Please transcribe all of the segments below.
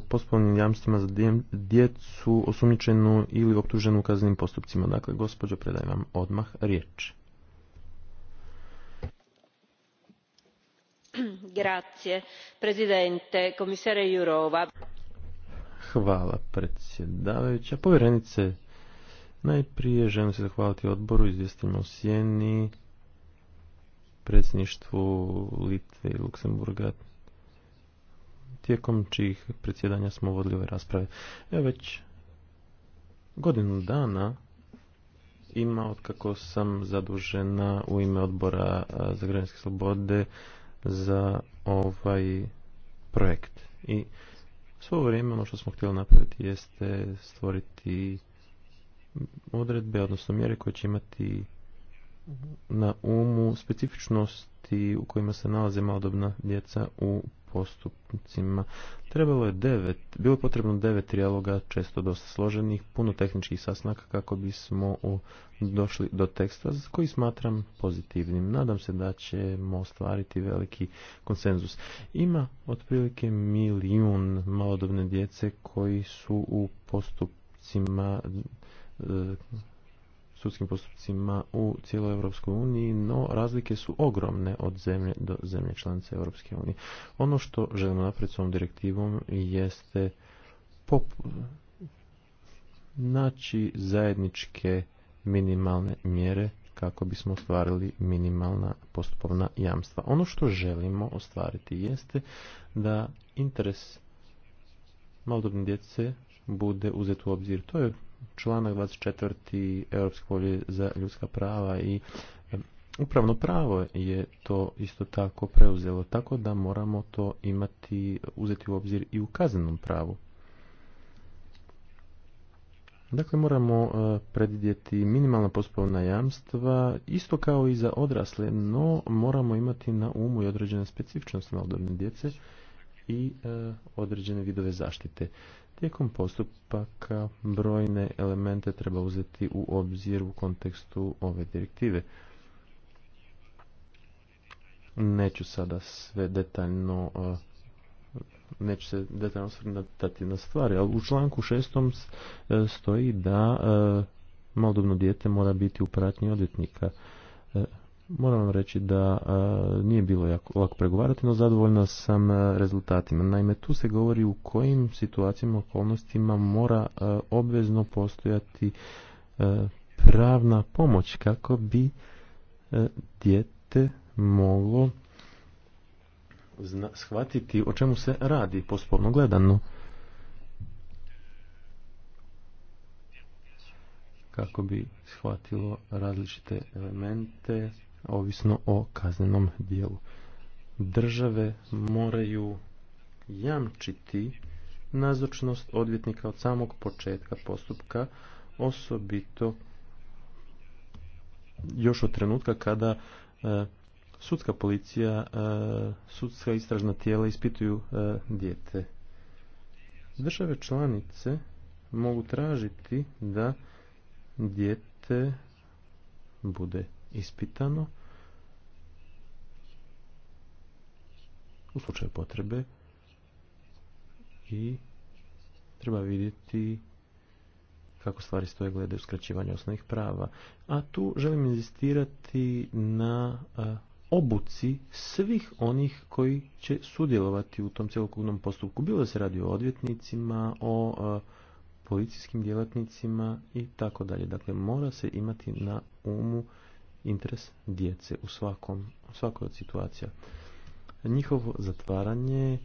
poslovnim jamstvima za djecu osumnjičenu ili optuženu u kaznenim postupcima. Dakle, gospođo, predajem vam odmah riječ. Grazie, prezidente, komisare Jurova. Hvala, predsjedavajuća. Povjerenice, najprije želim se zahvaliti odboru, izvjestiteljima u Sjeni, predsjedništvu Litve i Luksemburga, tijekom čijih predsjedanja smo vodili ove rasprave. Ja već godinu dana ima od kako sam zadužena u ime odbora za građanske slobode za ovaj projekt. I svo vrijeme ono što smo htjeli napraviti jeste stvoriti odredbe, odnosno mjere koje će imati na umu specifičnosti u kojima se nalaze malodobna djeca u postupcima. Trebalo je devet, bilo je potrebno devet trijaloga, često dosta složenih, puno tehničkih sastanaka kako bismo došli do teksta koji smatram pozitivnim. Nadam se da ćemo ostvariti veliki konsenzus. Ima otprilike milijun malodobne djece koji su u postupcima e, sudskim postupcima u cijeloj Europskoj uniji, no razlike su ogromne od zemlje do zemlje članice Europske unije. Ono što želimo napraviti s ovom direktivom jeste naći zajedničke minimalne mjere kako bismo ostvarili minimalna postupovna jamstva. Ono što želimo ostvariti jeste da interes malodobne djece bude uzet u obzir. To je članak 24. Europske polje za ljudska prava i upravno pravo je to isto tako preuzelo, tako da moramo to imati, uzeti u obzir i u kaznenom pravu. Dakle, moramo e, predvidjeti minimalna postupovna jamstva, isto kao i za odrasle, no moramo imati na umu i određene specifičnosti malodobne djece i e, određene vidove zaštite. Tijekom postupaka brojne elemente treba uzeti u obzir u kontekstu ove direktive. Neću sada sve detaljno neću se detaljno osvrnuti na stvari, ali u članku šestom e, stoji da e, malodobno dijete mora biti u pratnji odvjetnika. E, Moram vam reći da e, nije bilo jako, lako pregovarati, no zadovoljna sam e, rezultatima. Naime, tu se govori u kojim situacijama, okolnostima mora e, obvezno postojati pravna pomoć kako bi dijete moglo shvatiti o čemu se radi pospolno gledano. Kako bi shvatilo različite elemente ovisno o kaznenom dijelu. Države moraju jamčiti nazočnost odvjetnika od samog početka postupka, osobito još od trenutka kada e, sudska policija, e, sudska istražna tijela ispituju e, dijete. Države članice mogu tražiti da dijete bude ispitano u slučaju potrebe i treba vidjeti kako stvari stoje glede uskraćivanja osnovnih prava. A tu želim inzistirati na obuci svih onih koji će sudjelovati u tom cjelokupnom postupku. Bilo da se radi o odvjetnicima, o policijskim djelatnicima i tako dalje. Dakle, mora se imati na umu interes djece u, svakom, u svakoj od situacija. Njihovo zatvaranje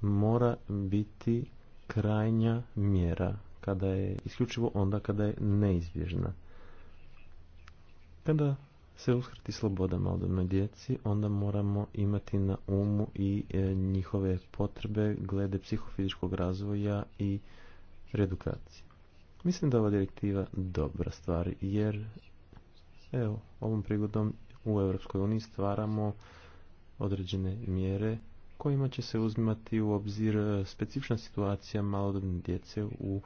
mora biti krajnja mjera kada je isključivo onda kada je neizbježna. Kada se uskrati sloboda malodobnoj djeci, onda moramo imati na umu i e, njihove potrebe glede psihofizičkog razvoja i redukacije. Mislim da ova direktiva dobra stvar jer Evo, ovom prigodom u EU uniji stvaramo određene mjere kojima će se uzimati u obzir e, specifična situacija malodobne djece u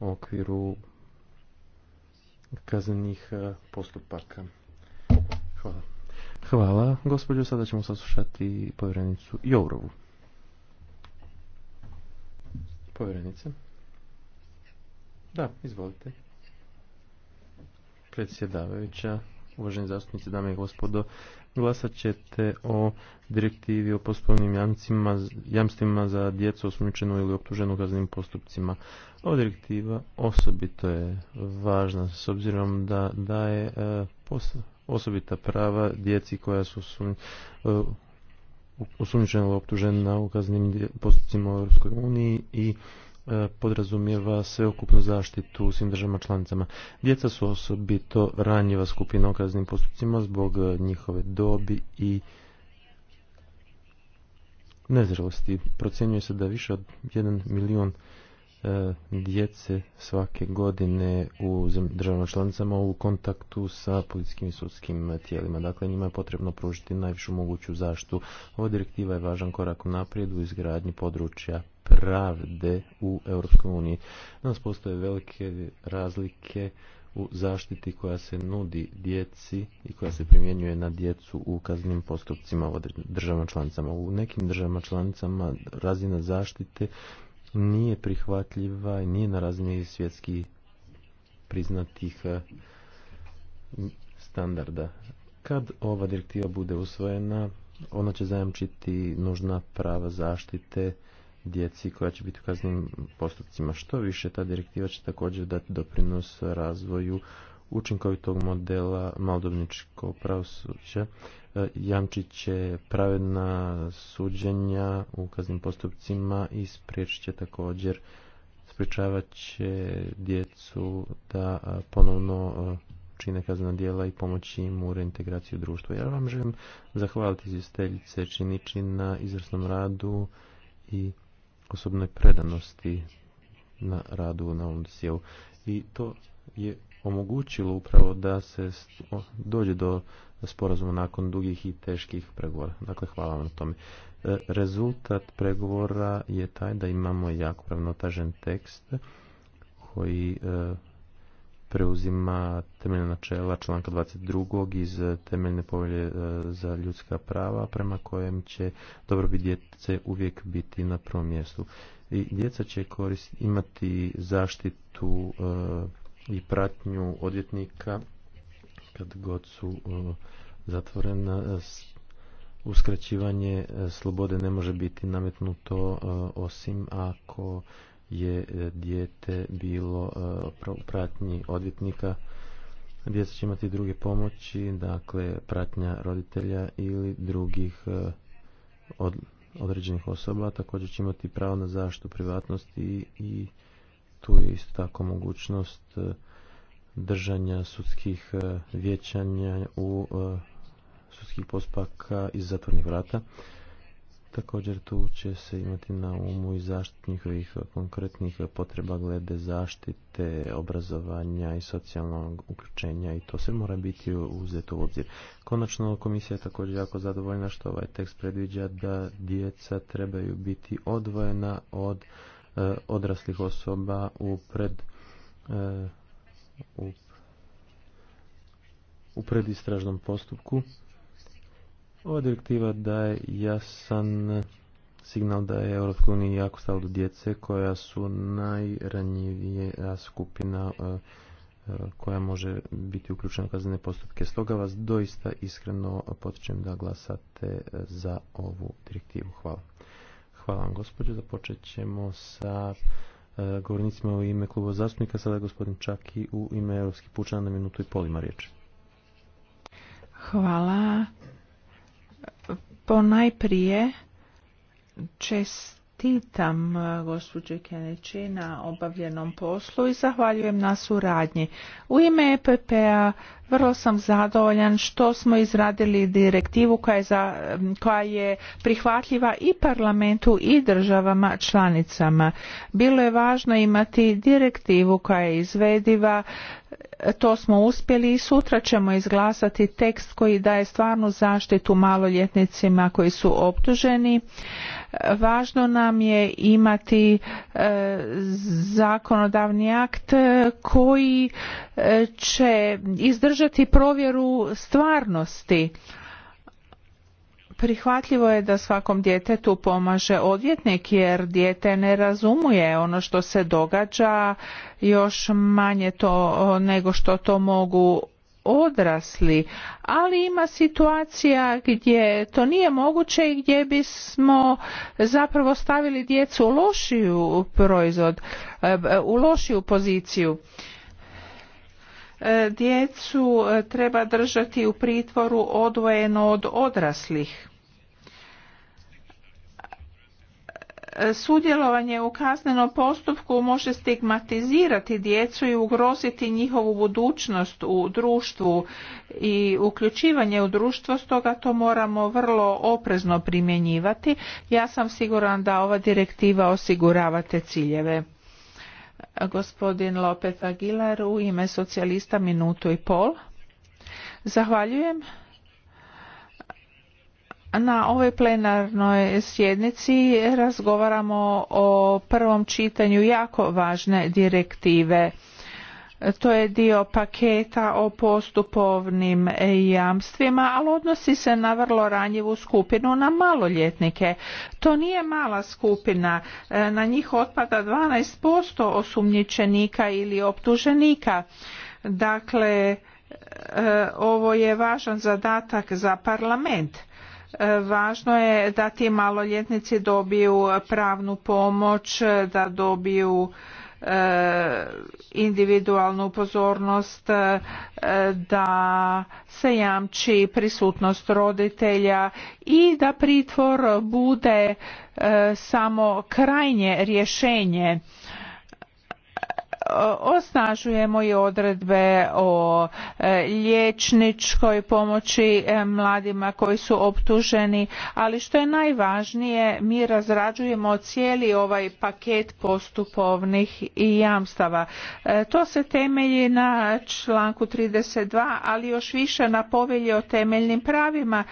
okviru kaznenih e, postupaka. Hvala. Hvala, gospođo. Sada ćemo saslušati povjerenicu Jourovu. Povjerenice? Da, izvolite predsjedavajuća, uvaženi zastupnici, dame i gospodo, glasat ćete o direktivi o poslovnim jamstvima za djecu osumnjičenu ili optuženu kaznenim postupcima. Ova direktiva osobito je važna s obzirom da daje e, osobita prava djeci koja su e, osumnjičena ili optužena u kaznim postupcima u EU i E, podrazumijeva sveukupnu zaštitu u svim državama članicama. Djeca su osobito ranjiva skupina u kaznim postupcima zbog e, njihove dobi i nezrelosti. Procjenjuje se da više od 1 milijun e, djece svake godine u državama članicama u kontaktu sa policijskim i sudskim tijelima. Dakle, njima je potrebno pružiti najvišu moguću zaštitu. Ova direktiva je važan korak naprijed u izgradnji područja pravde u Europskoj uniji. Danas postoje velike razlike u zaštiti koja se nudi djeci i koja se primjenjuje na djecu u kaznim postupcima u državama članicama. U nekim državama članicama razina zaštite nije prihvatljiva i nije na razini svjetski priznatih e, standarda. Kad ova direktiva bude usvojena, ona će zajamčiti nužna prava zaštite djeci koja će biti u kaznim postupcima. Što više, ta direktiva će također dati doprinos razvoju učinkovitog modela maldobničkog pravosuđa, e, jamčit će pravedna suđenja u kaznim postupcima i spriječit će također sprječavat će djecu da e, ponovno e, čine kazna djela i pomoći im u reintegraciju društva. Ja vam želim zahvaliti izvjesteljice Činići na izvrsnom radu i osobnoj predanosti na radu na ovom sjelu. I to je omogućilo upravo da se dođe do sporazuma nakon dugih i teških pregovora. Dakle, hvala vam na tome. E, rezultat pregovora je taj da imamo jako pravnotažen tekst koji e, preuzima temeljna načela članka 22. iz temeljne povelje e, za ljudska prava prema kojem će dobrobit djece uvijek biti na prvom mjestu. I djeca će korist, imati zaštitu e, i pratnju odvjetnika kad god su e, zatvorena. Uskraćivanje slobode ne može biti nametnuto osim ako je e, dijete bilo u e, pratnji odvjetnika. Djeca će imati druge pomoći, dakle pratnja roditelja ili drugih e, određenih osoba. Također će imati pravo na zaštitu privatnosti i tu je isto tako mogućnost držanja sudskih vjećanja u sudskih postupaka iz zatvornih vrata. Također tu će se imati na umu i zaštit njihovih konkretnih potreba glede zaštite, obrazovanja i socijalnog uključenja i to sve mora biti uzeto u obzir. Konačno, komisija je također jako zadovoljna što ovaj tekst predviđa da djeca trebaju biti odvojena od e, odraslih osoba u pred e, u, u predistražnom postupku ova direktiva daje jasan signal da je Europska unija jako stalo do djece koja su najranjivija skupina e, e, koja može biti uključena u kaznene postupke. Stoga vas doista iskreno potičem da glasate za ovu direktivu. Hvala. Hvala vam gospođo. Započet ćemo sa e, govornicima u ime kluba zastupnika. Sada je gospodin Čaki u ime Europskih pučana na minutu i polima riječ. Hvala najprije čestitam e, gospođe Keneći na obavljenom poslu i zahvaljujem na suradnji. U ime EPP-a vrlo sam zadovoljan što smo izradili direktivu koja je, koja je prihvatljiva i parlamentu i državama članicama. Bilo je važno imati direktivu koja je izvediva to smo uspjeli i sutra ćemo izglasati tekst koji daje stvarnu zaštitu maloljetnicima koji su optuženi. Važno nam je imati e, zakonodavni akt koji e, će izdržati provjeru stvarnosti Prihvatljivo je da svakom djetetu pomaže odvjetnik jer dijete ne razumuje ono što se događa još manje to nego što to mogu odrasli, ali ima situacija gdje to nije moguće i gdje bismo zapravo stavili djecu u lošiju proizvod, e, u lošiju poziciju. E, djecu e, treba držati u pritvoru odvojeno od odraslih. E, sudjelovanje u kaznenom postupku može stigmatizirati djecu i ugroziti njihovu budućnost u društvu i uključivanje u društvo stoga to moramo vrlo oprezno primjenjivati ja sam siguran da ova direktiva osigurava te ciljeve e, gospodin Lopez Aguilar u ime socijalista minutu i pol zahvaljujem na ovoj plenarnoj sjednici razgovaramo o prvom čitanju jako važne direktive. To je dio paketa o postupovnim jamstvima, ali odnosi se na vrlo ranjivu skupinu, na maloljetnike. To nije mala skupina, na njih otpada 12% osumnjičenika ili optuženika. Dakle, e, ovo je važan zadatak za parlament E, važno je da ti maloljetnici dobiju pravnu pomoć, da dobiju e, individualnu pozornost e, da se jamči prisutnost roditelja i da pritvor bude samo krajnje rješenje osnažujemo i odredbe o e, liječničkoj pomoći e, mladima koji su optuženi ali što je najvažnije mi razrađujemo cijeli ovaj paket postupovnih i jamstava e, to se temelji na članku 32 ali još više na povelji o temeljnim pravima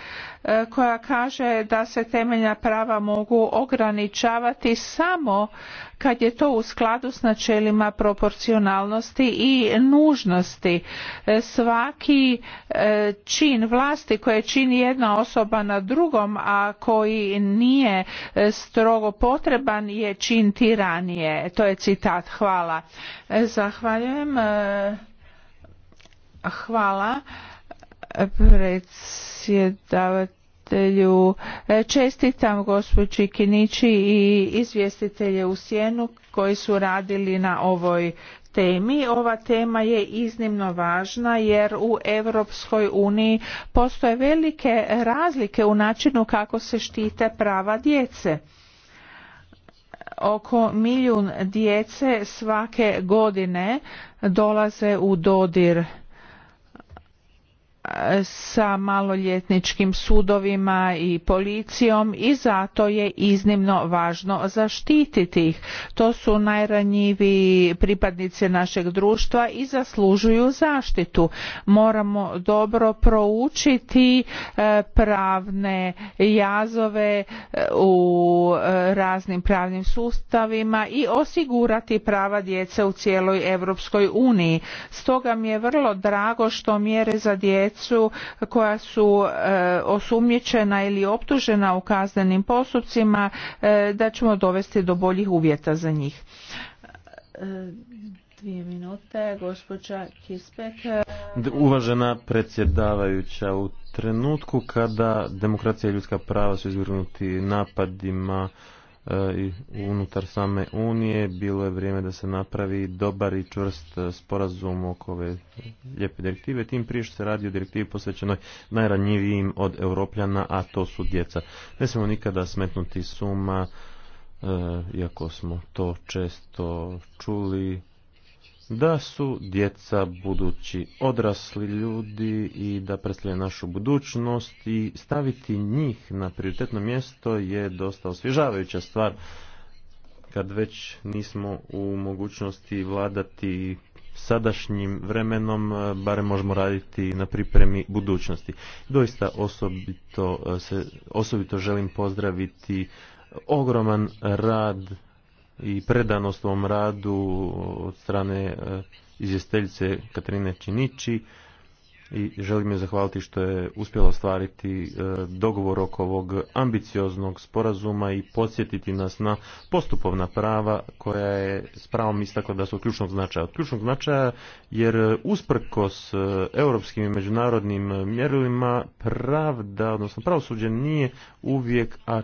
koja kaže da se temeljna prava mogu ograničavati samo kad je to u skladu s načelima proporcionalnosti i nužnosti. E, svaki e, čin vlasti koje čini jedna osoba na drugom, a koji nije e, strogo potreban je čin tiranije. To je citat. Hvala. Zahvaljujem. Hvala predsjedavati izvjestitelju e, Čestitam gospođi Kinići i izvjestitelje u Sjenu koji su radili na ovoj temi. Ova tema je iznimno važna jer u Europskoj uniji postoje velike razlike u načinu kako se štite prava djece oko milijun djece svake godine dolaze u dodir sa maloljetničkim sudovima i policijom i zato je iznimno važno zaštititi ih. To su najranjiviji pripadnici našeg društva i zaslužuju zaštitu. Moramo dobro proučiti e, pravne jazove e, u e, raznim pravnim sustavima i osigurati prava djece u cijeloj Europskoj uniji. Stoga mi je vrlo drago što mjere za djecu djecu koja su e, osumnjičena ili optužena u kaznenim postupcima e, da ćemo dovesti do boljih uvjeta za njih. E, dvije minute, gospođa Kispek. Uvažena predsjedavajuća, u trenutku kada demokracija i ljudska prava su izvrnuti napadima i unutar same Unije. Bilo je vrijeme da se napravi dobar i čvrst e, sporazum oko ove lijepe direktive. Tim prije što se radi o direktivi posvećenoj najranjivijim od europljana, a to su djeca. Ne smijemo nikada smetnuti suma, e, iako smo to često čuli, da su djeca budući odrasli ljudi i da predstavljaju našu budućnost i staviti njih na prioritetno mjesto je dosta osvježavajuća stvar kad već nismo u mogućnosti vladati sadašnjim vremenom, e, barem možemo raditi na pripremi budućnosti. Doista osobito, e, se, osobito želim pozdraviti ogroman rad i predanost ovom radu od strane e, izvjestiteljice Katarine Činići i želim je zahvaliti što je uspjela ostvariti e, dogovor oko ovog ambicioznog sporazuma i podsjetiti nas na postupovna prava koja je s pravom istakla da su od ključnog značaja. Od ključnog značaja jer usprkos e, europskim i međunarodnim mjerilima pravda, odnosno pravosuđe nije uvijek a,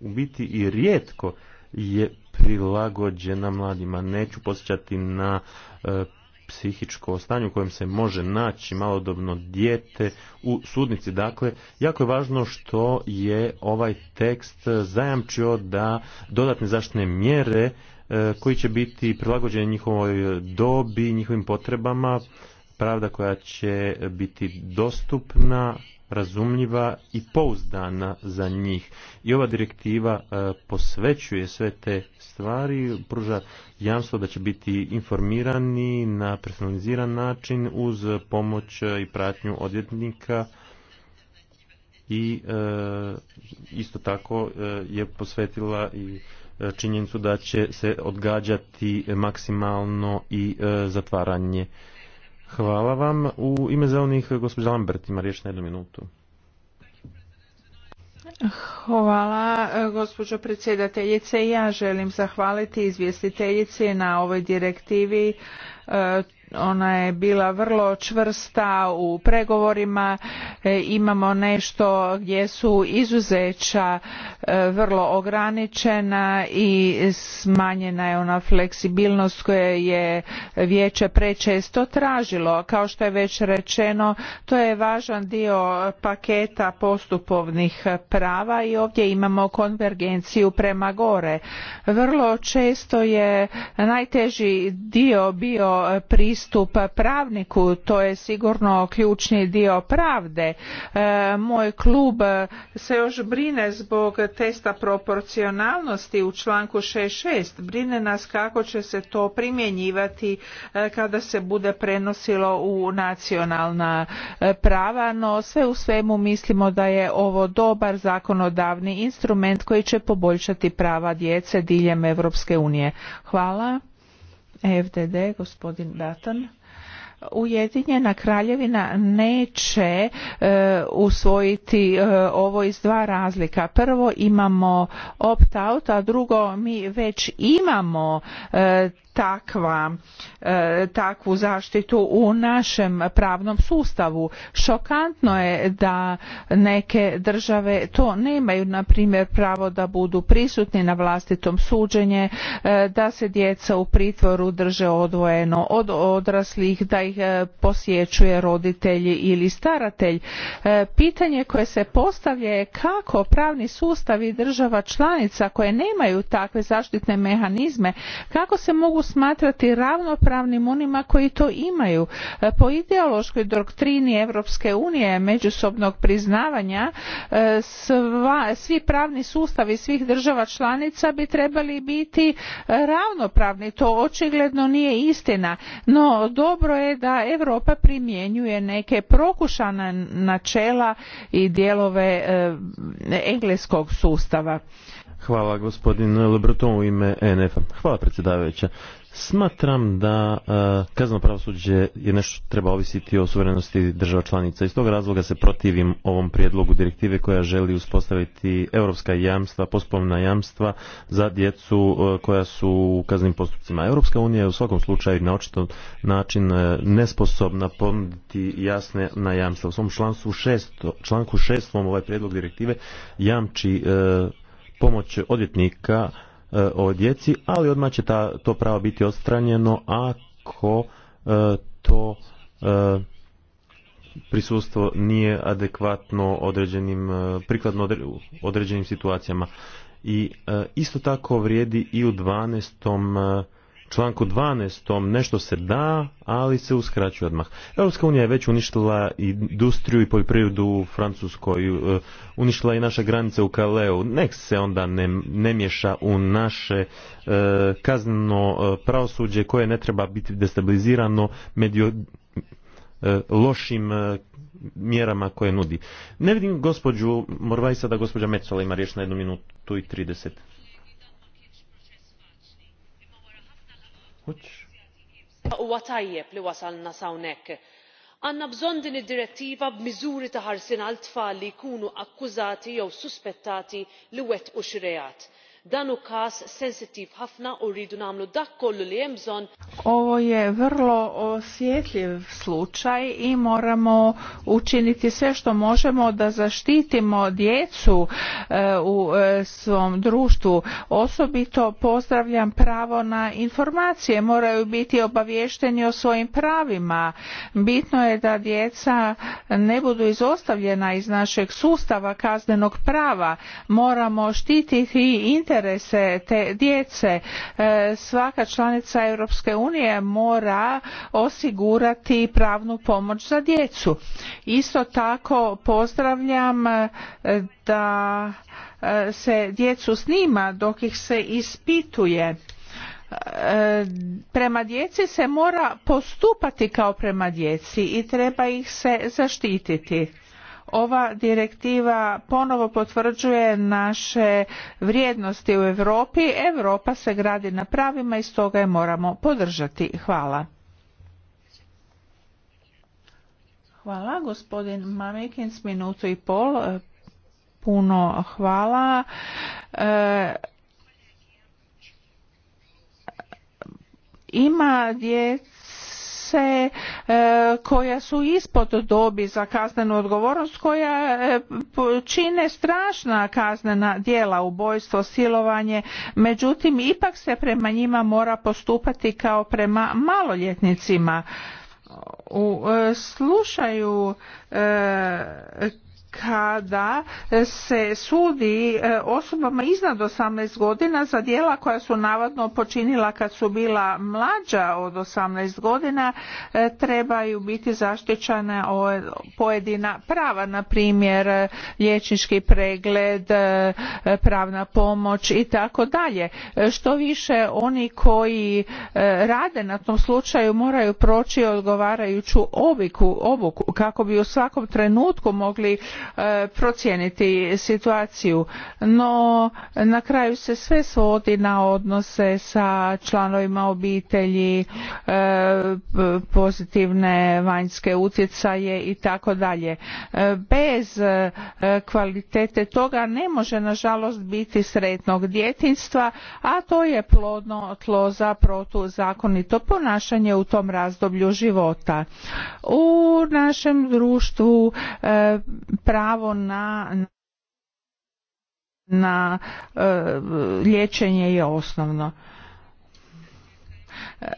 u biti i rijetko je prilagođena mladima. Neću posjećati na e, psihičko stanje u kojem se može naći malodobno dijete u sudnici. Dakle, jako je važno što je ovaj tekst zajamčio da dodatne zaštitne mjere e, koji će biti prilagođene njihovoj dobi, njihovim potrebama, pravda koja će biti dostupna razumljiva i pouzdana za njih. I ova direktiva e, posvećuje sve te stvari, pruža jamstvo da će biti informirani na personaliziran način uz pomoć i pratnju odvjetnika i e, isto tako e, je posvetila i činjenicu da će se odgađati maksimalno i zatvaranje Hvala vam. U ime zelenih, gospođa Lambert ima riječ na jednu minutu. Hvala gospođo predsjedateljice. Ja želim zahvaliti izvjestiteljici na ovoj direktivi. E, ona je bila vrlo čvrsta u pregovorima e, imamo nešto gdje su izuzeća e, vrlo ograničena i smanjena je ona fleksibilnost koje je vijeće prečesto tražilo kao što je već rečeno to je važan dio paketa postupovnih prava i ovdje imamo konvergenciju prema gore vrlo često je najteži dio bio pristup pravniku to je sigurno ključni dio pravde e, moj klub se još brine zbog testa proporcionalnosti u članku šest. brine nas kako će se to primjenjivati e, kada se bude prenosilo u nacionalna e, prava no sve u svemu mislimo da je ovo dobar zakonodavni instrument koji će poboljšati prava djece diljem Europske unije hvala FDD, gospodin Datan. Ujedinjena kraljevina neće e, usvojiti e, ovo iz dva razlika. Prvo imamo opt-out, a drugo mi već imamo e, takva, e, takvu zaštitu u našem pravnom sustavu. Šokantno je da neke države to nemaju, na primjer pravo da budu prisutni na vlastitom suđenje, e, da se djeca u pritvoru drže odvojeno od odraslih, da ih e, posjećuje roditelji ili staratelj. Pitanje koje se postavlja je kako pravni sustavi država članica koje nemaju takve zaštitne mehanizme, kako se mogu smatrati ravnopravnim onima koji to imaju. E, po ideološkoj doktrini Europske unije međusobnog priznavanja e, sva, svi pravni sustavi svih država članica bi trebali biti e, ravnopravni. To očigledno nije istina, no dobro je da Europa primjenjuje neke prokušana načela i dijelove engleskog sustava Hvala gospodin Lebreton u ime ENF-a. Hvala predsjedavajuća. Smatram da e, kazno pravosuđe je nešto treba ovisiti o suverenosti država članica. Iz tog razloga se protivim ovom prijedlogu direktive koja želi uspostaviti europska jamstva, pospovna jamstva za djecu e, koja su u kaznim postupcima. Europska unija je u svakom slučaju na očito način e, nesposobna ponuditi jasne na jamstva. U svom članku šest članku šestom ovaj prijedlog direktive jamči pomoć odvjetnika e, o djeci, ali odmah će ta, to pravo biti odstranjeno ako e, to e, prisustvo nije adekvatno određenim, prikladno određenim situacijama. I isto tako vrijedi i u 12 članku 12. nešto se da, ali se uskraćuje odmah. Europska unija je već uništila industriju i poljoprivredu u Francuskoj, e, uništila i naše granice u Kaleu. Nek se onda ne, ne miješa u naše e, kazneno e, pravosuđe koje ne treba biti destabilizirano medio, lošim mjerama koje nudi. Ne vidim gospođu Morvajsa da gospođa Mecola ima riječ na jednu minutu i trideset. huwa tajjeb li wasalna hawnhekk. għandna bżonn din id-direttiva b'miżuri ta' ħarsien għal tfal li jkunu akkużati jew suspettati li wettqu xi reat dan u sensitiv u Ovo je vrlo osjetljiv slučaj i moramo učiniti sve što možemo da zaštitimo djecu e, u e, svom društvu. Osobito pozdravljam pravo na informacije, moraju biti obaviješteni o svojim pravima. Bitno je da djeca ne budu izostavljena iz našeg sustava kaznenog prava. Moramo štititi interes interese te djece. E, svaka članica Europske unije mora osigurati pravnu pomoć za djecu. Isto tako pozdravljam e, da e, se djecu snima dok ih se ispituje prema djeci se mora postupati kao prema djeci i treba ih se zaštititi ova direktiva ponovo potvrđuje naše vrijednosti u Europi. Europa se gradi na pravima i stoga je moramo podržati. Hvala. Hvala, gospodin s minutu i pol. E, puno hvala. E, ima djece E, koja su ispod dobi za kaznenu odgovornost koja e, čine strašna kaznena djela ubojstvo silovanje međutim ipak se prema njima mora postupati kao prema maloljetnicima u e, slušaju kada se sudi e, osobama iznad 18 godina za djela koja su navodno počinila kad su bila mlađa od 18 godina e, trebaju biti zaštićena pojedina prava na primjer liječnički pregled e, pravna pomoć i tako dalje što više oni koji rade na tom slučaju moraju proći odgovarajuću obuku kako bi u svakom trenutku mogli E, procijeniti situaciju no na kraju se sve svodi na odnose sa članovima obitelji e, pozitivne vanjske utjecaje i tako dalje e, bez kvalitete toga ne može nažalost biti sretnog djetinjstva a to je plodno tlo za protuzakonito ponašanje u tom razdoblju života u našem društvu pravo na na e, liječenje je osnovno. E,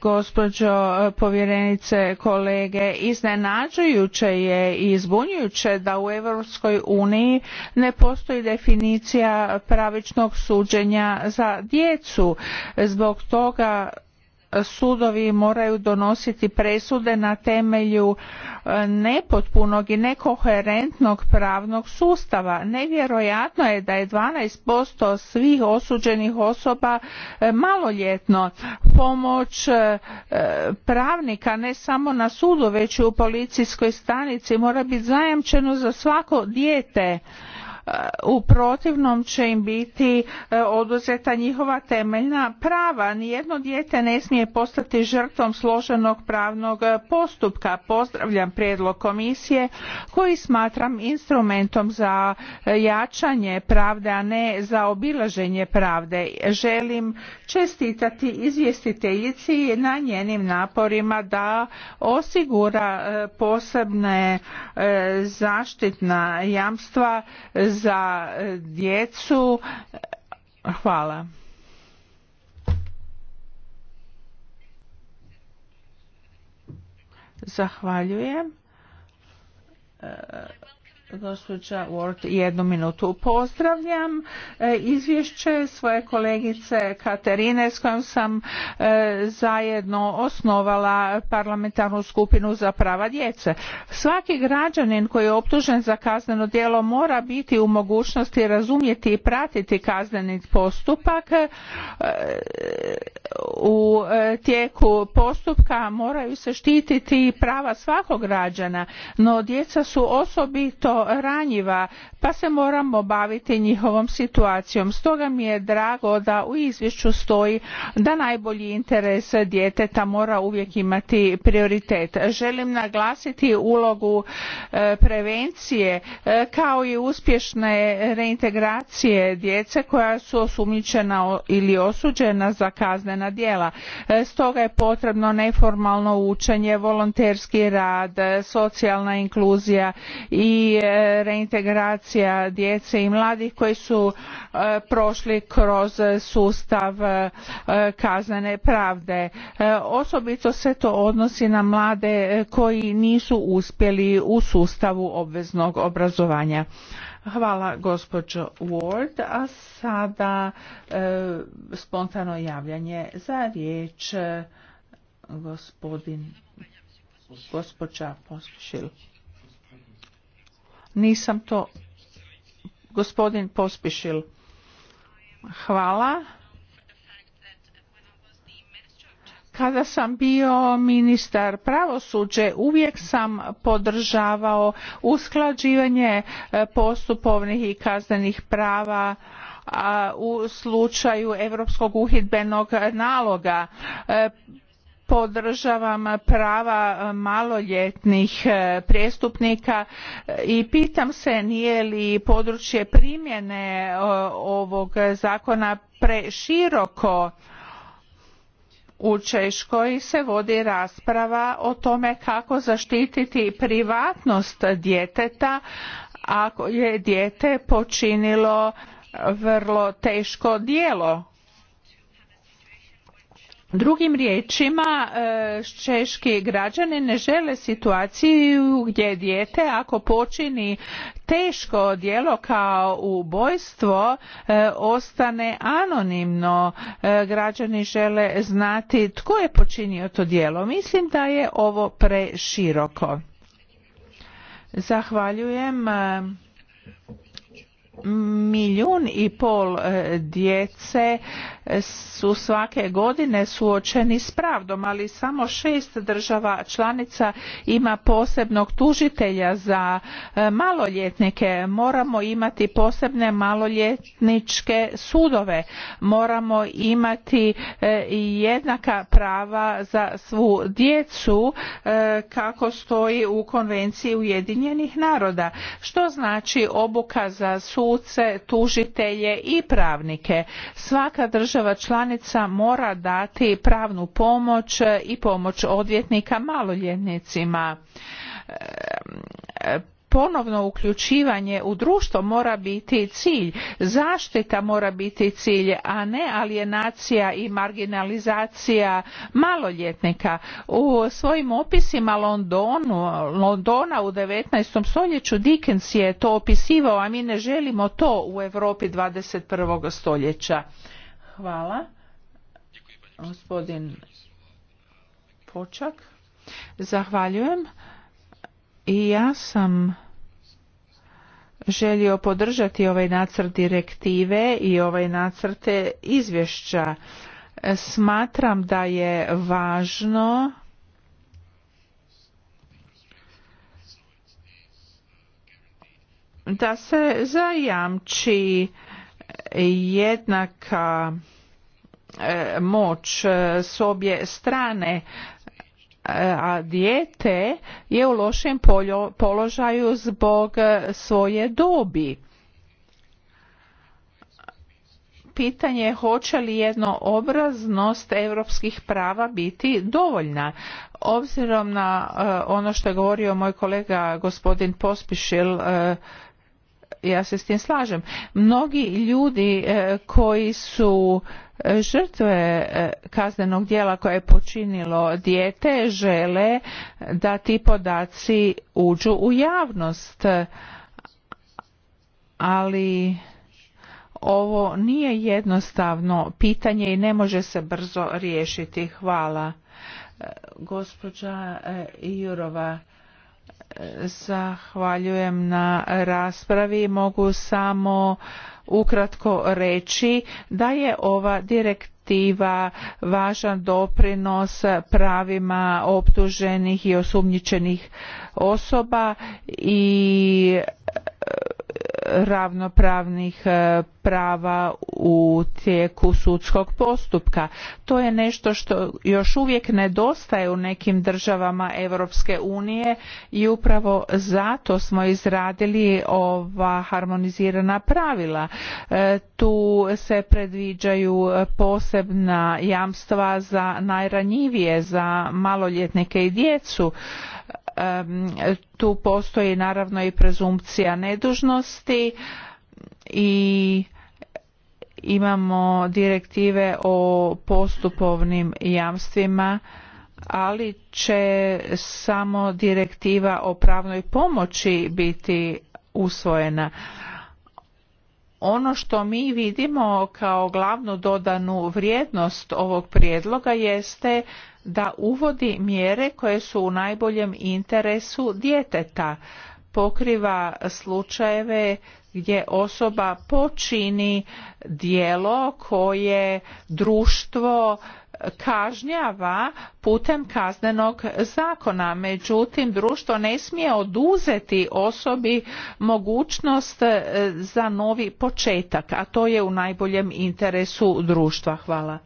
gospođo povjerenice kolege iznenađujuće je i zbunjujuće da u europskoj uniji ne postoji definicija pravičnog suđenja za djecu zbog toga sudovi moraju donositi presude na temelju e, nepotpunog i nekoherentnog pravnog sustava. Nevjerojatno je da je posto svih osuđenih osoba e, maloljetno. Pomoć e, pravnika ne samo na sudu već i u policijskoj stanici mora biti zajamčeno za svako dijete u protivnom će im biti e, oduzeta njihova temeljna prava. Nijedno dijete ne smije postati žrtvom složenog pravnog e, postupka. Pozdravljam prijedlog komisije koji smatram instrumentom za e, jačanje pravde, a ne za obilaženje pravde. Želim čestitati izvjestiteljici na njenim naporima da osigura posebne zaštitna jamstva za e, djecu. Hvala. Zahvaljujem. E, Gospođa Ward, jednu minutu. Pozdravljam e, izvješće svoje kolegice Katerine s kojom sam e, zajedno osnovala parlamentarnu skupinu za prava djece. Svaki građanin koji je optužen za kazneno djelo mora biti u mogućnosti razumjeti i pratiti kazneni postupak. E, u tijeku postupka moraju se štititi prava svakog građana, no djeca su osobito ranjiva pa se moramo baviti njihovom situacijom. stoga mi je drago da u izvješću stoji da najbolji interes djeteta mora uvijek imati prioritet. želim naglasiti ulogu e, prevencije e, kao i uspješne reintegracije djece koja su osumnjičena ili osuđena za kaznena djela. E, stoga je potrebno neformalno učenje volonterski rad socijalna inkluzija i reintegracija djece i mladih koji su e, prošli kroz sustav e, kaznene pravde. E, osobito se to odnosi na mlade koji nisu uspjeli u sustavu obveznog obrazovanja. Hvala gospođo Ward, a sada spontano javljanje za riječ gospodin gospođa Pospišil. Nisam to... Gospodin Pospišil, hvala. Kada sam bio ministar pravosuđe uvijek sam podržavao usklađivanje e, postupovnih i kaznenih prava u slučaju europskog uhidbenog naloga e, podržavam prava maloljetnih e, prijestupnika e, i pitam se nije li područje primjene e, ovog zakona preširoko u češkoj se vodi rasprava o tome kako zaštititi privatnost djeteta ako je dijete počinilo vrlo teško djelo Drugim riječima, e, češki građani ne žele situaciju gdje dijete ako počini teško djelo kao ubojstvo e, ostane anonimno. E, građani žele znati tko je počinio to djelo. Mislim da je ovo preširoko. Zahvaljujem milijun i pol e, djece e, su svake godine suočeni s pravdom, ali samo šest država članica ima posebnog tužitelja za e, maloljetnike. Moramo imati posebne maloljetničke sudove, moramo imati jednaka prava za svu djecu kako stoji u konvenciji Ujedinjenih naroda. Što znači obuka za su suce, tužitelje i pravnike. Svaka država članica mora dati pravnu pomoć i pomoć odvjetnika maloljetnicima ponovno uključivanje u društvo mora biti cilj zaštita mora biti cilj a ne alijenacija i marginalizacija maloljetnika u svojim opisima Londona u 19. stoljeću Dickens je to opisivao a mi ne želimo to u Europi 21. stoljeća hvala gospodin Počak zahvaljujem i ja sam želio podržati ovaj nacrt direktive i ovaj nacrt izvješća. Smatram da je važno da se zajamči jednaka e, moć s obje strane e, a dijete je u lošem položaju zbog e, svoje dobi pitanje je hoće li jednoobraznost europskih prava biti dovoljna. Obzirom na e, ono što je govorio moj kolega gospodin Pospišil e, ja se s tim slažem mnogi ljudi e, koji su e, žrtve e, kaznenog djela koje je počinilo dijete žele da ti podaci uđu u javnost ali ovo nije jednostavno pitanje i ne može se brzo riješiti hvala gospođa Jurova zahvaljujem na raspravi mogu samo ukratko reći da je ova direktiva važan doprinos pravima optuženih i osumnjičenih osoba i ravnopravnih e, prava u tijeku sudskog postupka. To je nešto što još uvijek nedostaje u nekim državama Europske unije i upravo zato smo izradili ova harmonizirana pravila. E, tu se predviđaju posebna jamstva za najranjivije, za maloljetnike i djecu tu postoji naravno i prezumpcija nedužnosti i imamo direktive o postupovnim jamstvima ali će samo direktiva o pravnoj pomoći biti usvojena ono što mi vidimo kao glavnu dodanu vrijednost ovog prijedloga jeste da uvodi mjere koje su u najboljem interesu djeteta pokriva slučajeve gdje osoba počini djelo koje društvo kažnjava putem kaznenog zakona međutim društvo ne smije oduzeti osobi mogućnost e, za novi početak a to je u najboljem interesu društva hvala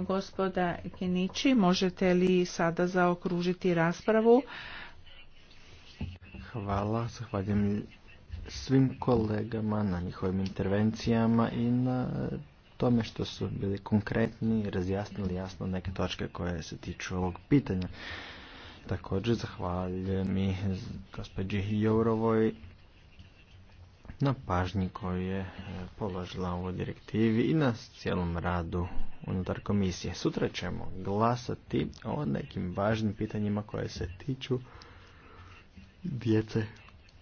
Gospoda Kinići, možete li sada zaokružiti raspravu? Hvala, zahvaljujem svim kolegama na njihovim intervencijama i na tome što su bili konkretni i razjasnili jasno neke točke koje se tiču ovog pitanja. Također zahvaljujem i gospođi Jourovoj na pažnji koju je e, položila u direktivi i na cijelom radu unutar komisije. Sutra ćemo glasati o nekim važnim pitanjima koje se tiču djece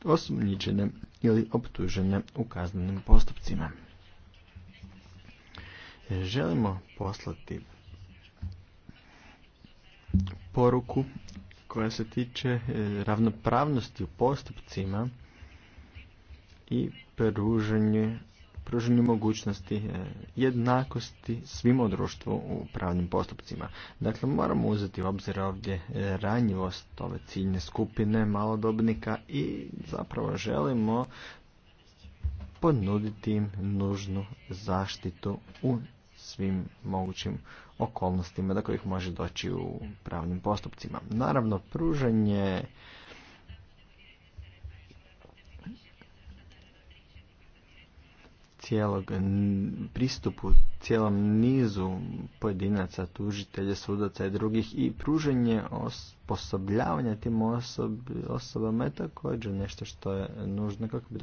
osumnjičene ili optužene u kaznenim postupcima. E, želimo poslati poruku koja se tiče e, ravnopravnosti u postupcima i pruženje, pruženje mogućnosti e, jednakosti svim u društvu u pravnim postupcima. Dakle, moramo uzeti u obzir ovdje e, ranjivost ove ciljne skupine malodobnika i zapravo želimo ponuditi im nužnu zaštitu u svim mogućim okolnostima da kojih može doći u pravnim postupcima. Naravno, pružanje cijelog pristupu cijelom nizu pojedinaca, tužitelja, sudaca i drugih i pruženje osposobljavanja tim osobama je također nešto što je nužno kako bi